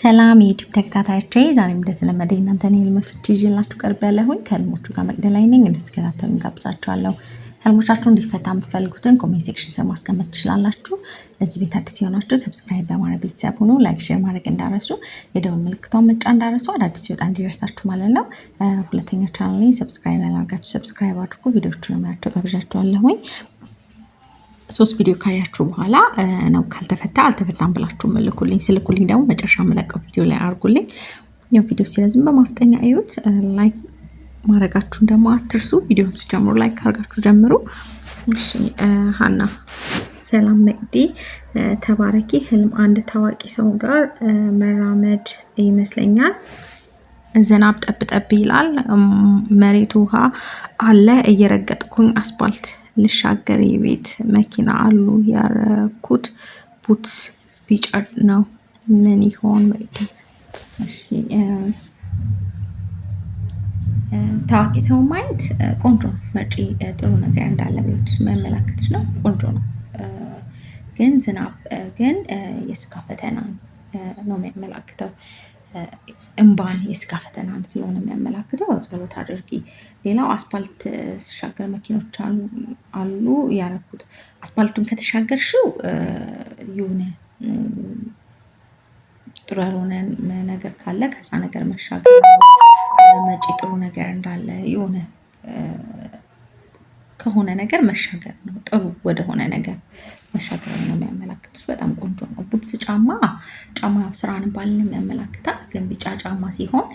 ሰላም የዩቲዩብ ተከታታዮቼ፣ ዛሬም እንደተለመደ እናንተን የህልም ፍቺ ይዤላችሁ ቀርብ ያለሁኝ ከህልሞቹ ጋር መቅደላይ ነኝ። እንድትከታተሉ ጋብዛችኋለሁ። ህልሞቻችሁ እንዲፈታ የምትፈልጉትን ኮሜንት ሴክሽን ስር ማስቀመጥ ትችላላችሁ። ለዚህ ቤት አዲስ የሆናችሁ ሰብስክራይብ በማድረግ ቤተሰብ ሁኑ። ላይክ፣ ሼር ማድረግ እንዳረሱ፣ የደውል ምልክቷን መጫ እንዳረሱ፣ አዳዲስ ሲወጣ እንዲደርሳችሁ ማለት ነው። ሁለተኛ ቻናል ላይ ሰብስክራይብ ያላርጋችሁ ሰብስክራይብ አድርጉ። ቪዲዮቹን የሚያቸው ጋብዣችኋለሁኝ። ሶስት ቪዲዮ ካያችሁ በኋላ ነው ካልተፈታ አልተፈታም ብላችሁ ምልኩልኝ። ስልኩልኝ ደግሞ መጨረሻ መለቀው ቪዲዮ ላይ አድርጉልኝ። ያው ቪዲዮ ሲለዝም በማፍጠኛ እዩት። ላይክ ማድረጋችሁን ደግሞ አትርሱ። ቪዲዮን ስጀምሩ ላይክ አድርጋችሁ ጀምሩ። እሺ ሀና ሰላም መቅዲ ተባረኪ። ህልም አንድ ታዋቂ ሰው ጋር መራመድ ይመስለኛል። ዝናብ ጠብጠብ ይላል። መሬት ውሃ አለ። እየረገጥኩኝ አስፓልት ልሻገር የቤት መኪና አሉ ያረኩት ቡትስ ቢጫ ነው። ምን ይሆን ታዋቂ ሰው ማየት ቆንጆ ነው። መጪ ጥሩ ነገር እንዳለ ቤት መመላከት ነው። ቆንጆ ነው። ግን ዝናብ ግን የስጋ ፈተና ነው የሚያመላክተው። እንባን የስጋ ፈተናን ስለሆነ የሚያመላክተው ጸሎት አድርጊ። ሌላው አስፓልት ሲሻገር መኪኖች አሉ ያረኩት አስፓልቱን ከተሻገርሽው የሆነ ጥሩ ያልሆነ ነገር ካለ ከዛ ነገር መሻገር መጪ ጥሩ ነገር እንዳለ የሆነ ከሆነ ነገር መሻገር ነው። ጥሩ ወደሆነ ነገር መሻገር ነው የሚያመላክቱት። በጣም ቆንጆ ነው። ቡትስ ጫማ ጫማ ስራን ባልን ያመላክታል። ግን ቢጫ ጫማ ሲሆን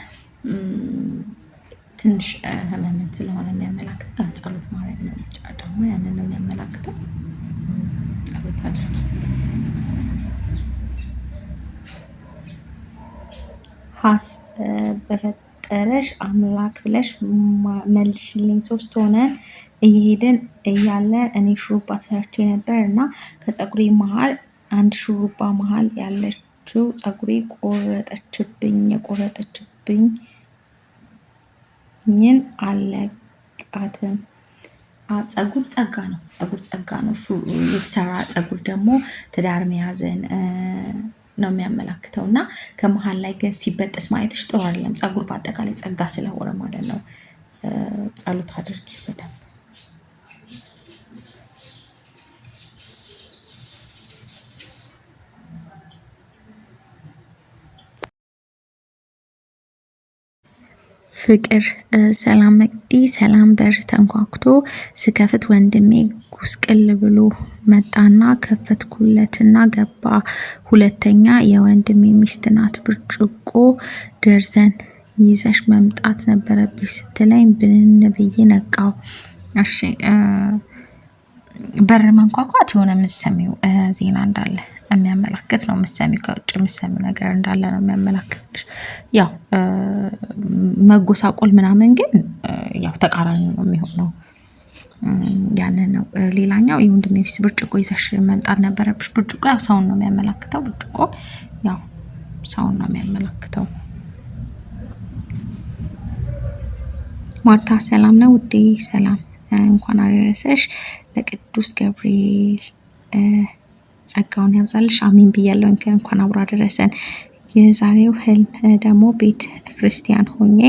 ትንሽ ህመምን ስለሆነ የሚያመላክተው ጸሎት ማድረግ ነው። ቢጫ ጫማ ያንን ነው የሚያመላክተው። ጸሎት አድርጊ። ሀስ በፈ የፈጠረሽ አምላክ ብለሽ መልሽልኝ። ሶስት ሆነ እየሄድን እያለ እኔ ሹሩባ ሰርቼ ነበር እና ከፀጉሬ መሀል አንድ ሹሩባ መሀል ያለችው ፀጉሬ ቆረጠችብኝ። የቆረጠችብኝን አለቃትም። ፀጉር ጸጋ ነው። ፀጉር ጸጋ ነው። የተሰራ ፀጉር ደግሞ ትዳር መያዝን ነው የሚያመላክተው እና ከመሀል ላይ ግን ሲበጠስ ማየትሽ ጥሩ አይደለም። ፀጉር በአጠቃላይ ጸጋ ስለሆነ ማለት ነው። ጸሎት አድርጊ በደንብ ፍቅር ሰላም መቅዲ ሰላም በር ተንኳኩቶ ስከፍት ወንድሜ ጉስቅል ብሎ መጣና ከፈትኩለትና ገባ። ሁለተኛ የወንድሜ ሚስት ናት ብርጭቆ ደርዘን ይዘሽ መምጣት ነበረብሽ ስትለኝ ብንን ብዬ ነቃው። እሺ በር መንኳኳት የሆነ የምትሰሚው ዜና እንዳለ የሚያመላክት ነው። ምሰሚ ከውጭ ምሰሚ ነገር እንዳለ ነው የሚያመላክት። ያው መጎሳቆል ምናምን ግን ያው ተቃራኒ ነው የሚሆነው። ያንን ነው። ሌላኛው የወንድሜ ፊት ብርጭቆ ይዘሽ መምጣት ነበረብሽ። ብርጭቆ ያው ሰውን ነው የሚያመላክተው። ብርጭቆ ያው ሰውን ነው የሚያመላክተው። ማርታ ሰላም ነው ውዴ፣ ሰላም እንኳን አደረሰሽ ለቅዱስ ገብርኤል ጸጋውን ያብዛልሽ። አሚን ብያለሁ። እንኳን አብሮ አደረሰን። የዛሬው ህልም ደግሞ ቤተ ክርስቲያን ሆኜ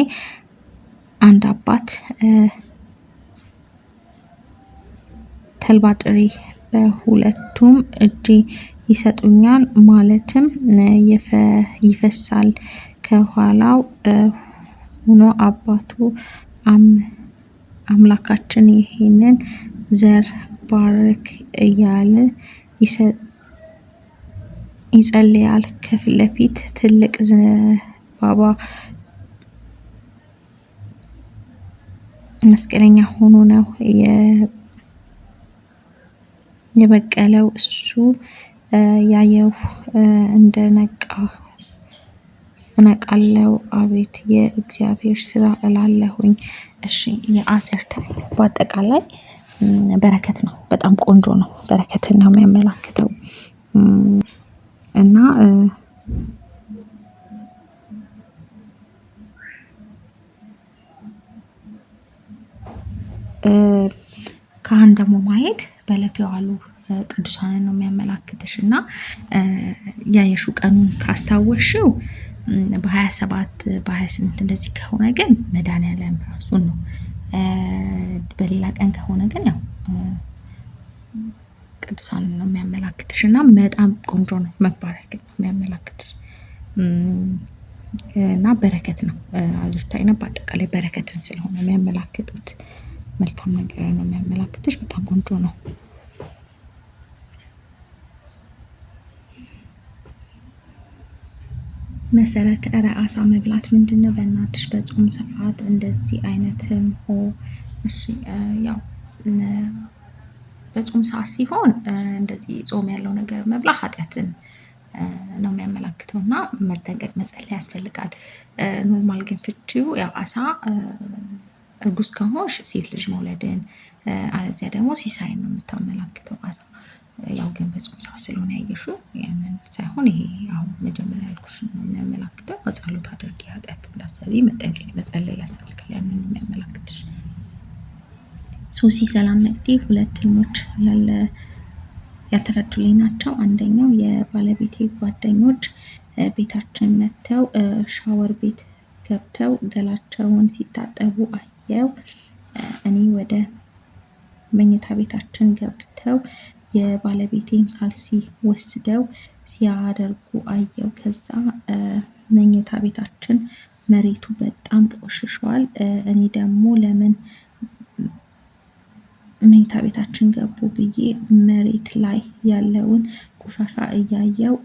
አንድ አባት ተልባ ጥሬ በሁለቱም እጅ ይሰጡኛል፣ ማለትም ይፈሳል። ከኋላው ሆኖ አባቱ አምላካችን ይሄንን ዘር ባርክ እያለ ይጸልያል። ከፊት ለፊት ትልቅ ዘንባባ መስቀለኛ ሆኖ ነው የበቀለው። እሱ ያየው እንደነቃ እነቃለው። አቤት የእግዚአብሔር ስራ እላለሁኝ። እሺ የአዘርት በአጠቃላይ በረከት ነው። በጣም ቆንጆ ነው። በረከትን ነው የሚያመላክተው። ካህን ደግሞ ማየት በዕለቱ የዋሉ ቅዱሳንን ነው የሚያመላክትሽ እና ያየሹ ቀኑን ካስታወሽው በሀያ ሰባት በሀያ ስምንት እንደዚህ ከሆነ ግን መድኃኒዓለም ራሱን ነው። በሌላ ቀን ከሆነ ግን ያው ቅዱሳን ነው የሚያመላክትሽ እና በጣም ቆንጆ ነው። መባረክን ነው የሚያመላክት እና በረከት ነው። አዝርታ አይነ በአጠቃላይ በረከትን ስለሆነ የሚያመላክቱት መልካም ነገር ነው የሚያመላክትሽ። በጣም ቆንጆ ነው። መሰረት እረ አሳ መብላት ምንድን ነው? በእናትሽ በጾም ሰዓት እንደዚህ አይነት ህም ሆ እሺ ያው በጾም ሰዓት ሲሆን እንደዚህ ጾም ያለው ነገር መብላ ኃጢአትን ነው የሚያመላክተው እና መጠንቀቅ መጸለይ ያስፈልጋል። ኖርማል ግን ፍቺው ያው አሳ እርጉዝ ከሆንሽ ሴት ልጅ መውለድን አለዚያ ደግሞ ሲሳይን ነው የምታመላክተው። አሳ ያው ግን በጾም ሰዓት ስለሆነ ያየሹ ያንን ሳይሆን ይሄ አሁን መጀመሪያ ያልኩሽ ነው የሚያመላክተው። ጸሎት አድርጊ፣ ኃጢአት እንዳሰቢ መጠንቀቅ መጸለይ ያስፈልጋል። ሶሲ ሰላም ነቅጤ ሁለት ህልሞች ያለ ያልተፈቱልኝ ናቸው። አንደኛው የባለቤቴ ጓደኞች ቤታችን መጥተው ሻወር ቤት ገብተው ገላቸውን ሲታጠቡ አየው። እኔ ወደ መኝታ ቤታችን ገብተው የባለቤቴን ካልሲ ወስደው ሲያደርጉ አየው። ከዛ መኝታ ቤታችን መሬቱ በጣም ቆሽሿል። እኔ ደግሞ ለምን መኝታ ቤታችን ገቡ ብዬ መሬት ላይ ያለውን ቆሻሻ እያየው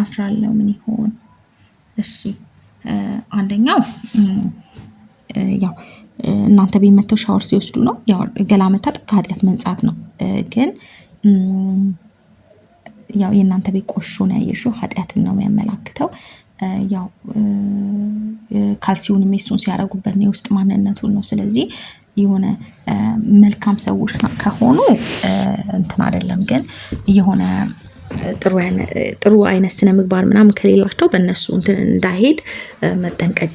አፍራለው። ምን ይሆን? እሺ አንደኛው ያው እናንተ ቤት መተው ሻወር ሲወስዱ ነው። ገላ መታጠብ ከኃጢአት መንጻት ነው። ግን ያው የእናንተ ቤት ቆሾ ነው ያየሽው፣ ኃጢአትን ነው የሚያመላክተው። ያው ካልሲውንም ሜሱን ሲያደርጉበት ነው የውስጥ ማንነቱን ነው። ስለዚህ የሆነ መልካም ሰዎች ከሆኑ እንትን አይደለም ግን የሆነ ጥሩ አይነት ስነ ምግባር ምናምን ከሌላቸው በእነሱ እንትን እንዳይሄድ መጠንቀቅ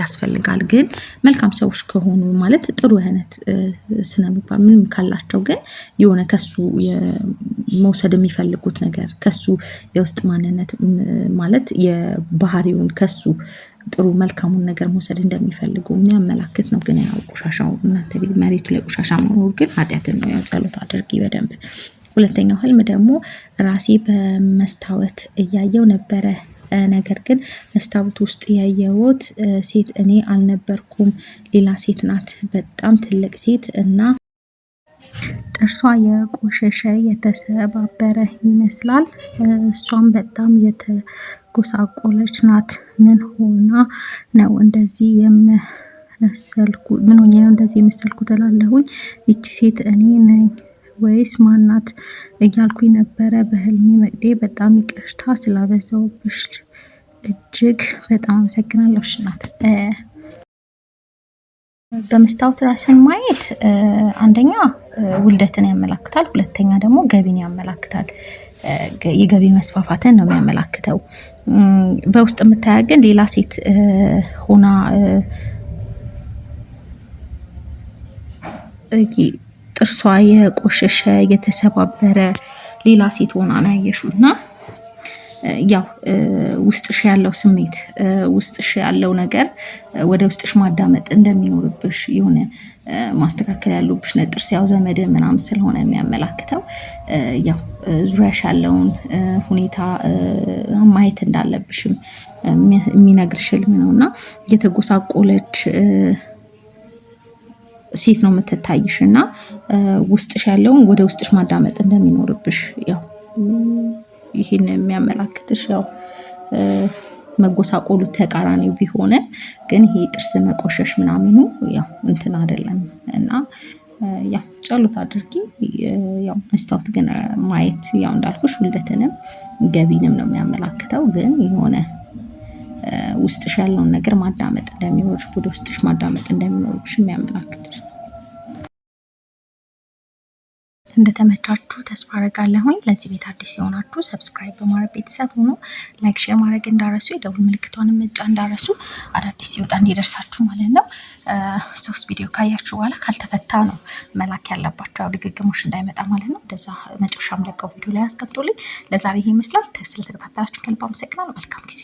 ያስፈልጋል። ግን መልካም ሰዎች ከሆኑ ማለት ጥሩ አይነት ስነ ምግባር ምንም ካላቸው ግን የሆነ ከሱ መውሰድ የሚፈልጉት ነገር ከሱ የውስጥ ማንነት ማለት የባህሪውን ከሱ ጥሩ መልካሙን ነገር መውሰድ እንደሚፈልጉ የሚያመላክት ነው። ግን ያው ቆሻሻው እናንተ ቤት መሬቱ ላይ ቆሻሻ መኖር ግን ኃጢአትን ነው። ያው ጸሎት አድርጊ በደንብ ሁለተኛው ህልም ደግሞ ራሴ በመስታወት እያየው ነበረ። ነገር ግን መስታወት ውስጥ ያየሁት ሴት እኔ አልነበርኩም፣ ሌላ ሴት ናት። በጣም ትልቅ ሴት እና ጥርሷ የቆሸሸ የተሰባበረ ይመስላል። እሷም በጣም የተጎሳቆለች ናት። ምን ሆና ነው እንደዚህ የመሰልኩ? ምን ሆኜ ነው እንደዚህ የመሰልኩ ትላለሁኝ። ይቺ ሴት እኔ ነኝ ወይስ ማናት እያልኩኝ ነበረ በህልሜ መቅዴ። በጣም ይቅርታ ስላበዛውብሽ፣ እጅግ በጣም አመሰግናለሁ። ሽናት በመስታወት ራስን ማየት አንደኛ ውልደትን ያመላክታል፣ ሁለተኛ ደግሞ ገቢን ያመላክታል። የገቢ መስፋፋትን ነው የሚያመላክተው። በውስጥ የምታያ ግን ሌላ ሴት ሆና ጥርሷ የቆሸሸ የተሰባበረ ሌላ ሴት ሆና ነው ያየሹ እና ያው ውስጥሽ ያለው ስሜት ውስጥሽ ያለው ነገር ወደ ውስጥሽ ማዳመጥ እንደሚኖርብሽ የሆነ ማስተካከል ያሉብሽ ጥርስ ያው ዘመድ ምናምን ስለሆነ የሚያመላክተው ያው ዙሪያሽ ያለውን ሁኔታ ማየት እንዳለብሽም የሚነግርሽ ህልም ነው እና የተጎሳቆለች ሴት ነው የምትታይሽ እና ውስጥሽ ያለውን ወደ ውስጥሽ ማዳመጥ እንደሚኖርብሽ ያው ይህን የሚያመላክትሽ ያው መጎሳቆሉ ተቃራኒው ቢሆነ ግን ይሄ ጥርስ መቆሸሽ ምናምኑ ያው እንትን አይደለም እና ያው ጸሎት አድርጊ። ያው መስታወት ግን ማየት ያው እንዳልኩሽ ውልደትንም ገቢንም ነው የሚያመላክተው። ግን የሆነ ውስጥሽ ያለውን ነገር ማዳመጥ እንደሚኖርሽ ወደ ውስጥሽ ማዳመጥ እንደሚኖርብሽ የሚያመላክትሽ እንደተመቻችሁ ተስፋ አረጋለሁኝ። ለዚህ ቤት አዲስ የሆናችሁ ሰብስክራይብ በማድረግ ቤተሰብ ሆኖ ላይክ፣ ሼር ማድረግ እንዳረሱ፣ የደውል ምልክቷን መጫ እንዳረሱ፣ አዳዲስ ሲወጣ እንዲደርሳችሁ ማለት ነው። ሶስት ቪዲዮ ካያችሁ በኋላ ካልተፈታ ነው መላክ ያለባቸው፣ ያው ድግግሞች እንዳይመጣ ማለት ነው። እንደዛ መጨረሻ ምለቀው ቪዲዮ ላይ አስቀምጦልኝ። ለዛሬ ይህ ይመስላል። ስለተከታተላችሁ ከልብ አመሰግናለሁ። መልካም ጊዜ